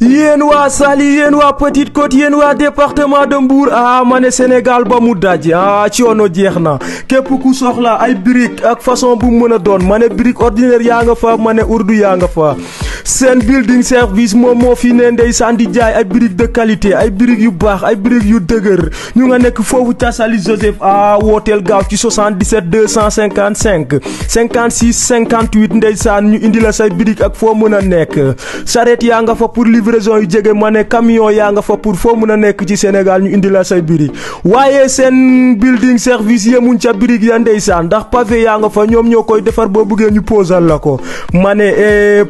yéen waa Saly yéen waa Petite Côte yéen waa département de Mbour ah ma ne Sénégal ba mu daj ah, ci coono jeex na képp ku soxla ay brique ak façon bu mën a doon ma ne brique ordinaire yaa nga fa ma ne urdu yaa nga fa seen building service moom moo fi ne ndeysaan di jaay ay briques de qualité ay briques yu baax ay briques yu dëgër ñu nga nekk foofu ca Saly Joseph a wooteel gaaw ci 77 255 56 58 ndeysaan ñu indi la say briques ak foo mën a nekk charrette yaa nga fa pour livraison yu jege ma ne camion yaa nga fa pour foo mën a nekk ci Sénégal ñu indi la say briques waaye seen building service yemuñ ca briques ya ndeysaan ndax pavé yaa nga fa ñoom ñoo koy defar boo bëggee ñu posal la ko ma ne eh,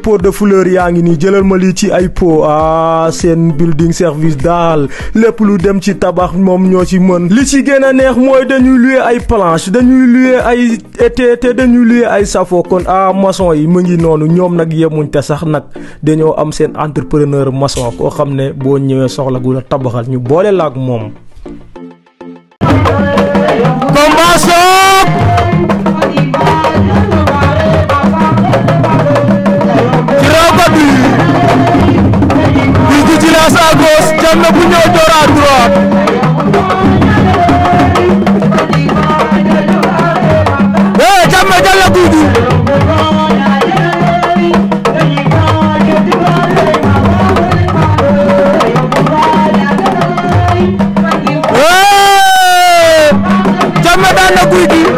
kër yaa ngi nii jëlal ma lii ci ay po ah seen building service daal lépp lu dem ci tabax moom ñoo ci mën li ci gën a neex mooy dañuy louer ay planche dañuy louer ay été te dañuy louer ay safo kon ah maçon yi mu ngi noonu ñoom nag yemuñ te sax nag dañoo am seen entrepreneur mason koo xam ne boo ñëwee soxla gu la tabaxal ñu boole la ak moom. à gauche Diamna bu ñëw door à droite eh Diamna jël na Gouy Gui eh Diamna daan na Gouy Gui